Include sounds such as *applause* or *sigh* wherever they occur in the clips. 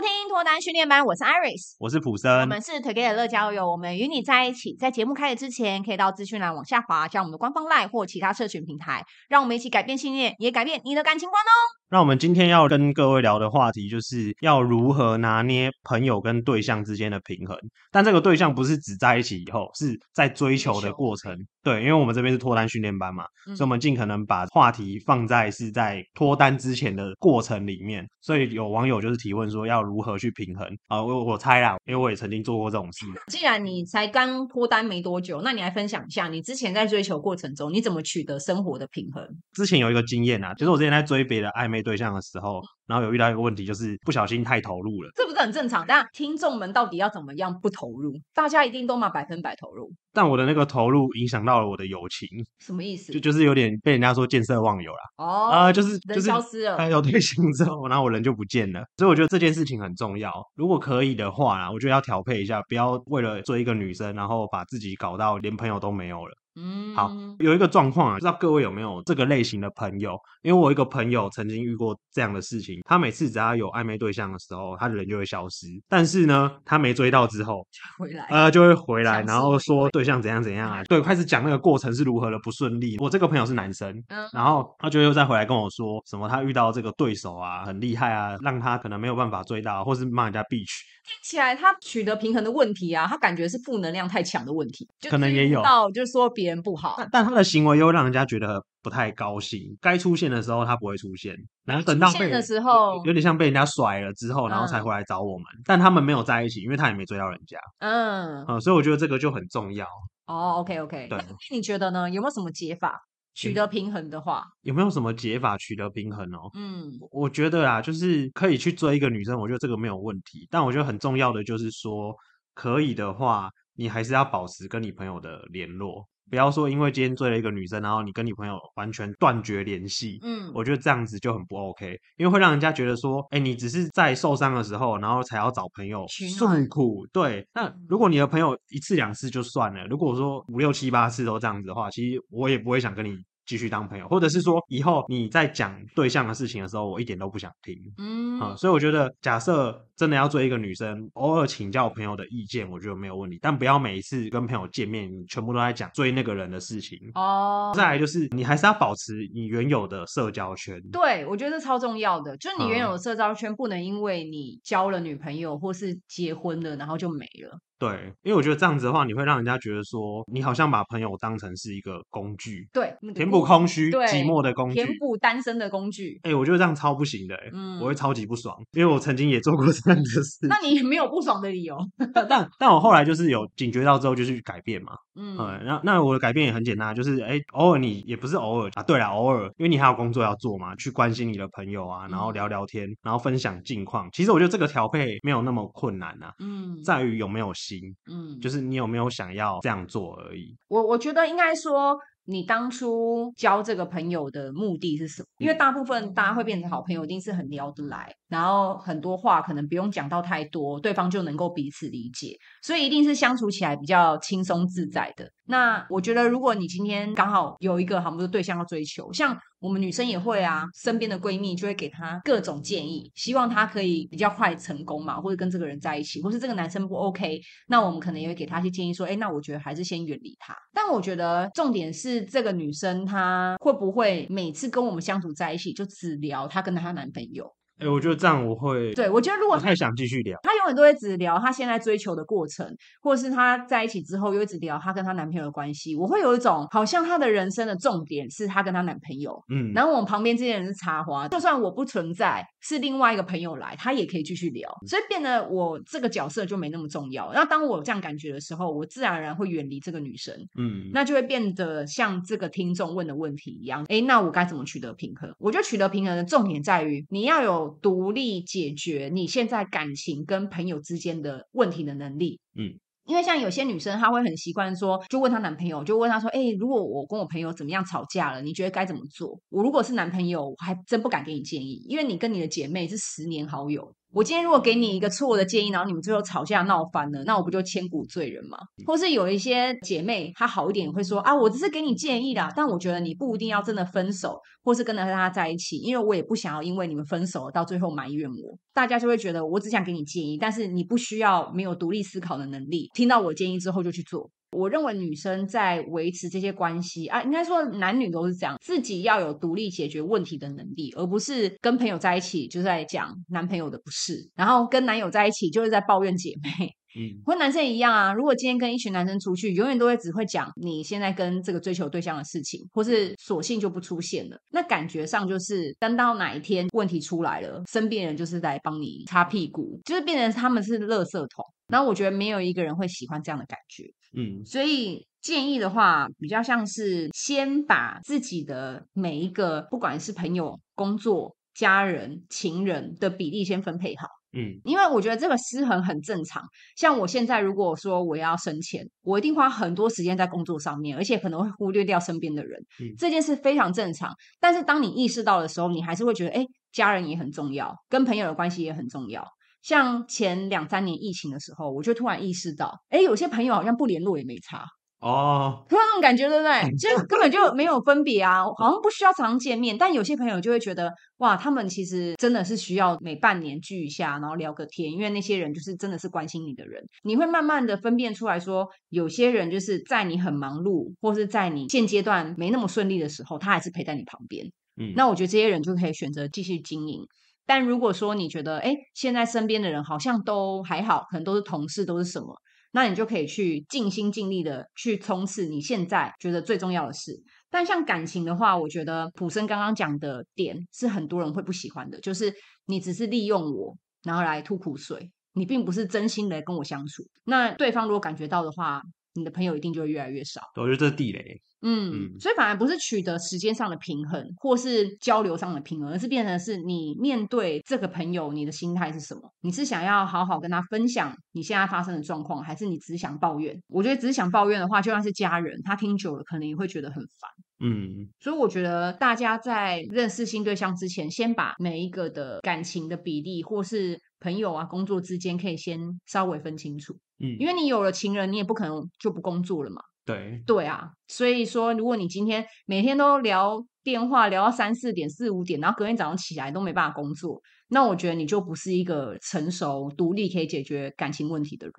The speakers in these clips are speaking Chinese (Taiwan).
聽脫單訓練班，我是 Iris，我是普森，我們是 Together 樂交友，我們與你在一起。在節目開始之前，可以到資訊欄往下滑，加我們的官方 LINE 或其他社群平台，讓我們一起改變信念，也改變你的感情觀哦。那我們今天要跟各位聊的話題，就是要如何拿捏朋友跟對象之間的平衡。但這個對象不是指在一起以後，是在追求的過程。對，因為我們這邊是脫單訓練班嘛、嗯，所以我們盡可能把話題放在是在脫單之前的過程裡面。所以有網友就是提問說，要如何去平衡啊。呃，我我猜啦，因為我也曾經做過這種事。既然你才剛脫單沒多久，那你來分享一下，你之前在追求過程中，你怎麼取得生活的平衡？之前有一個經驗啊，就是我之前在追別的曖昧。對、對象的時候，然後有遇到一個問題，就是不小心太投入了，這不是很正常。但聽眾們到底要怎麼樣不投入？大家一定都嘛百分百投入。但我的那個投入影響到了我的友情，什麼意思？就就是有點被人家說見色忘友了。哦，啊，就是人消失了，他要退行之後，然後我人就不見了。所以我覺得這件事情很重要。如果可以的話呢，我覺得要調配一下，不要為了追一個女生，然後把自己搞到連朋友都沒有了。嗯，好，有一個狀況啊，不知道各位有沒有這個類型的朋友？因為我一個朋友曾經遇過這樣的事情，他每次只要有曖昧對象的時候，他的人就會消失。但是呢，他沒追到之後，就回來，呃，就會回來，然後說對象怎樣怎樣啊，嗯、對，開始講那個過程是如何的不順利。我這個朋友是男生，嗯、然後他就又再回來跟我說什麼他遇到這個對手啊，很厲害啊，讓他可能沒有辦法追到，或是罵人家 bitch。聽起來他取得平衡的問題啊，他感覺是負能量太強的問題，可能也有到就是說。別人不好但，但他的行為又讓人家覺得不太高興。該出現的時候他不會出現，然後等到被的時候，有點像被人家甩了之後，然後才回來找我們。嗯、但他們沒有在一起，因為他也沒追到人家。嗯，嗯，所以我覺得這個就很重要。哦，OK OK。對。那你覺得呢？有沒有什麼解法取得平衡的話，嗯？有沒有什麼解法取得平衡哦。嗯，我覺得啊，就是可以去追一個女生，我覺得這個沒有問題。但我覺得很重要的就是說，可以的話，你還是要保持跟你朋友的聯絡。不要說因為今天追了一個女生，然後你跟你朋友完全斷絕聯繫，嗯，我覺得這樣子就很不 OK，因為會讓人家覺得說，哎、欸，你只是在受傷的時候，然後才要找朋友訴苦，對。那如果你的朋友一次兩次就算了，如果說五六七八次都這樣子的話，其實我也不會想跟你繼續當朋友，或者是說，以後你在講對象的事情的時候，我一點都不想聽。嗯，嗯，所以我覺得，假設真的要追一個女生，偶爾請教朋友的意見，我覺得沒有問題，但不要每一次跟朋友見面，全部都在講追那個人的事情。哦，再來就是，你還是要保持你原有的社交圈。對，我覺得這超重要的，就是你原有的社交圈不能因為你交了女朋友或是結婚了，然後就沒了。嗯對，因為我覺得這樣子的話，你會讓人家覺得說你好像把朋友當成是一個工具，對，那個、填補空虛、寂寞的工具，填補單身的工具。哎、欸，我覺得這樣超不行的、欸，哎、嗯，我會超級不爽，因為我曾經也做過這樣的事。那你也沒有不爽的理由？ *laughs* *laughs* 但但我後來就是有警覺到之後，就去改變嘛。嗯，然、嗯、後那，那我的改變也很簡單，就是哎、欸，偶爾你也不是偶爾啊，對啦，偶爾，因為你還有工作要做嘛，去關心你的朋友啊，然後聊聊天，然後分享近況、嗯。其實我覺得這個調配沒有那麼困難啊。嗯，在於有沒有。嗯，就是你有沒有想要這樣做而已。我我覺得應該說，你當初交這個朋友的目的是什麼？因為大部分大家會變成好朋友，一定是很聊得來。然後很多話可能不用講到太多，對方就能夠彼此理解，所以一定是相處起來比較輕鬆自在的。那我覺得，如果你今天剛好有一個好，不是對象要追求，像我們女生也會啊，身邊的閨蜜就會給她各種建議，希望她可以比較快成功嘛，或者跟這個人在一起，或是這個男生不 OK，那我們可能也會給她一些建議，說，哎，那我覺得還是先遠離他。但我覺得重點是這個女生她會不會每次跟我們相處在一起，就只聊她跟她男朋友？哎、欸，我覺得這樣我會，對，我覺得如果不太想繼續聊。他有他們都會一直聊她現在追求的過程，或者是她在一起之後又一直聊她跟她男朋友的關係，我會有一種好像她的人生的重點是她跟她男朋友，嗯，然後我旁邊這些人是插花，就算我不存在，是另外一個朋友來，她也可以繼續聊，所以變得我這個角色就沒那麼重要。然後當我這樣感覺的時候，我自然而然會遠離這個女生，嗯，那就會變得像這個聽眾問的問題一樣，哎，那我該怎麼取得平衡？我覺得取得平衡的重點在於，你要有獨立解決你現在感情跟朋友朋友之間的問題的能力，嗯，因為像有些女生，她會很習慣說，就問她男朋友，就問她說，誒，如果我跟我朋友怎麼樣吵架了，你覺得該怎麼做？我如果是男朋友，我還真不敢給你建議，因為你跟你的姐妹是十年好友。我今天如果給你一個錯誤的建議，然後你們最後吵架鬧翻了，那我不就千古罪人嗎？或是有一些姐妹她好一點，會說啊，我只是給你建議啦，但我覺得你不一定要真的分手，或是跟着和他在一起，因為我也不想要因為你們分手到最後埋怨我。大家就會覺得我只想給你建議，但是你不需要沒有獨立思考的能力，聽到我建議之後就去做。我認為女生在維持這些關係啊，應該說男女都是這樣，自己要有獨立解決問題的能力，而不是跟朋友在一起就在講男朋友的不是，然後跟男友在一起就是在抱怨姐妹。嗯，或男生一樣啊，如果今天跟一群男生出去，永遠都會只會講你現在跟這個追求對象的事情，或是索性就不出現了。那感覺上就是，等到哪一天問題出來了，身邊人就是在幫你擦屁股，就是變成他們是垃圾桶。然後我覺得沒有一個人會喜歡這樣的感覺，嗯，所以建議的話，比較像是先把自己的每一個，不管是朋友、工作、家人、情人的比例先分配好，嗯，因為我覺得這個失衡很正常。像我現在如果說我要生錢，我一定花很多時間在工作上面，而且可能會忽略掉身邊的人，嗯，這件事非常正常。但是當你意識到的時候，你還是會覺得，哎，家人也很重要，跟朋友的關係也很重要。像前兩三年疫情的時候，我就突然意識到，哎，有些朋友好像不聯絡也沒差哦，oh. 突然那種感覺，對不對？就根本就沒有分別啊，好像不需要常見面。但有些朋友就會覺得，哇，他們其實真的是需要每半年聚一下，然後聊個天，因為那些人就是真的是關心你的人。你會慢慢的分辨出來說，有些人就是在你很忙碌，或是在你現階段沒那麼順利的時候，他還是陪在你旁邊。嗯，那我覺得這些人就可以選擇繼續經營。但如果說你覺得，哎，現在身邊的人好像都還好，可能都是同事，都是什麼，那你就可以去盡心盡力的去衝刺你現在覺得最重要的事。但像感情的話，我覺得普森剛剛講的點是很多人會不喜歡的，就是你只是利用我，然後來吐苦水，你並不是真心來跟我相處。那對方如果感覺到的話，你的朋友一定就會越來越少。我覺得這是地雷。嗯，嗯，所以反而不是取得時間上的平衡，或是交流上的平衡，而是變成是你面對這個朋友，你的心態是什麼？你是想要好好跟他分享你現在發生的狀況，還是你只想抱怨？我覺得只想抱怨的話，就算是家人，他聽久了可能也會覺得很煩。嗯，所以我覺得大家在認識新對象之前，先把每一個的感情的比例，或是朋友啊、工作之間，可以先稍微分清楚。嗯，因為你有了情人，你也不可能就不工作了嘛。對，對啊，所以說，如果你今天每天都聊電話聊到三四點、四五點，然後隔天早上起來都沒辦法工作，那我覺得你就不是一個成熟、獨立可以解決感情問題的人。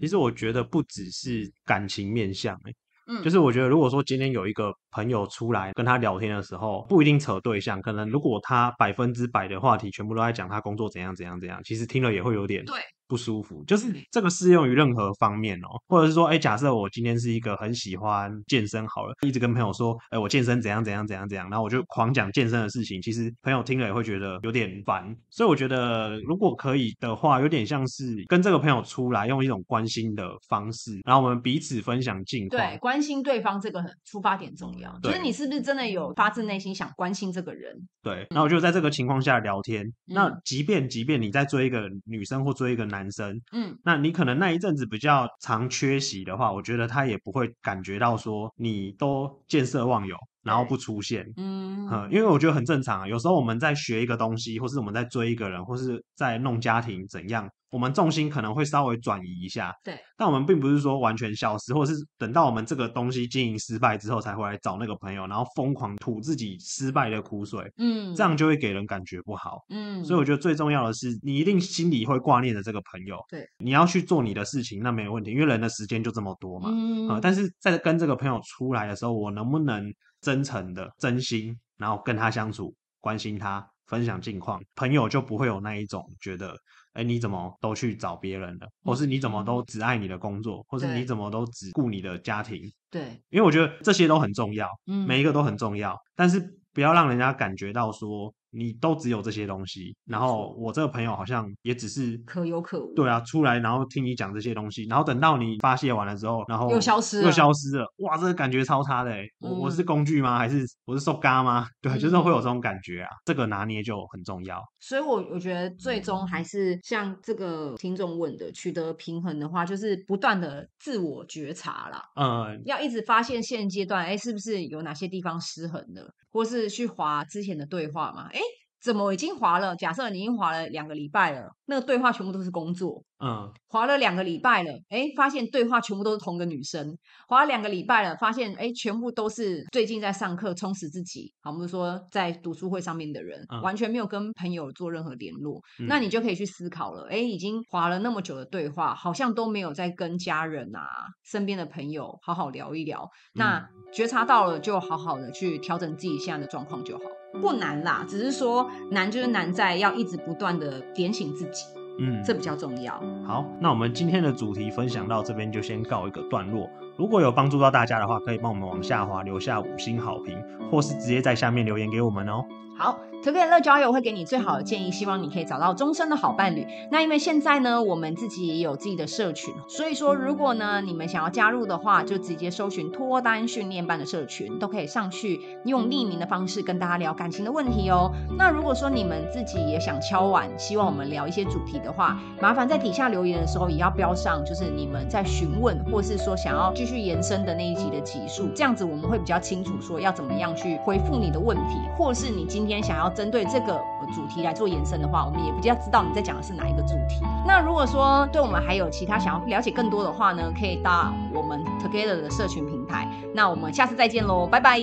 其實我覺得不只是感情面向，欸，嗯，就是我覺得如果說今天有一個朋友出來跟他聊天的時候，不一定扯對象，可能如果他百分之百的話題全部都在講他工作怎樣怎樣怎樣，其實聽了也會有點對。不舒服，就是這個適用於任何方面哦，或者是說，哎，假設我今天是一個很喜歡健身，好了，一直跟朋友說，哎，我健身怎樣怎樣怎樣怎樣，然後我就狂講健身的事情，其實朋友聽了也會覺得有點煩，所以我覺得如果可以的話，有點像是跟這個朋友出來，用一種關心的方式，然後我們彼此分享近況，對，關心對方這個出發點重要，嗯，其實你是不是真的有發自內心想關心這個人，對，然後就在這個情況下聊天，嗯、那即便即便你在追一個女生或追一個男男生，嗯，那你可能那一陣子比較常缺席的話，我覺得他也不會感覺到說你都見色忘友，然後不出現，嗯，嗯，因為我覺得很正常啊。有時候我們在學一個東西，或是我們在追一個人，或是在弄家庭，怎樣。我們重心可能會稍微轉移一下，對，但我們並不是說完全消失，或者是等到我們這個東西經營失敗之後才會來找那個朋友，然後瘋狂吐自己失敗的苦水，嗯，這樣就會給人感覺不好，嗯，所以我覺得最重要的是，你一定心裡會掛念着這個朋友，對，你要去做你的事情，那沒問題，因為人的時間就這麼多嘛，嗯、呃，但是在跟這個朋友出來的時候，我能不能真誠的、真心，然後跟他相處、關心他、分享近況，朋友就不會有那一種覺得。哎，你怎麼都去找別人了？或是你怎麼都只愛你的工作？或是你怎麼都只顧你的家庭？對，對，因為我覺得這些都很重要，每一個都很重要，嗯，但是不要讓人家感覺到說。你都只有這些東西，然後我這個朋友好像也只是可有可無。對啊，出來然後聽你講這些東西，然後等到你發洩完了之後，然後又消失了，又消失了，又消失了。哇，這個感覺超差的，嗯，我我是工具嗎？還是我是受嘎嗎？對，嗯，就是會有這種感覺啊。這個拿捏就很重要。所以，我我覺得最終還是像這個聽眾問的，嗯，取得平衡的話，就是不斷的自我覺察啦。嗯，要一直發現現階段，哎，是不是有哪些地方失衡了？或是去滑之前的對話嘛？誒、欸。怎麼已經滑了？假設你已經滑了兩個禮拜了，那個對話全部都是工作，嗯，滑了兩個禮拜了，哎，發現對話全部都是同個女生，滑了兩個禮拜了，發現哎，全部都是最近在上課充實自己，好，我們說在讀書會上面的人、嗯、完全沒有跟朋友做任何聯絡，嗯、那你就可以去思考了，哎，已經滑了那麼久的對話，好像都沒有在跟家人啊、身邊的朋友好好聊一聊，嗯、那覺察到了就好好的去調整自己現在的狀況就好。不難啦，只是說難就是難在要一直不斷的點醒自己，嗯，這比較重要。好，那我們今天的主題分享到這邊就先告一個段落。如果有幫助到大家的話，可以幫我們往下滑，留下五星好評，或是直接在下面留言給我們哦。好。Together 樂交友會給你最好的建議，希望你可以找到終身的好伴侶。那因為現在呢，我們自己也有自己的社群，所以說如果呢你們想要加入的話，就直接搜尋脫單訓練班的社群，都可以上去用匿名的方式跟大家聊感情的問題哦。那如果說你們自己也想敲碗，希望我們聊一些主題的話，麻煩在底下留言的時候也要標上，就是你們在詢問或是說想要繼續延伸的那一集的集數，這樣子我們會比較清楚說要怎麼樣去回覆你的問題，或是你今天想要。針對這個主題來做延伸的話，我們也不要知道你在講的是哪一個主題。那如果說對我們還有其他想要了解更多的話呢，可以到我們 Together 的社群平台。那我們下次再見嘍，拜拜。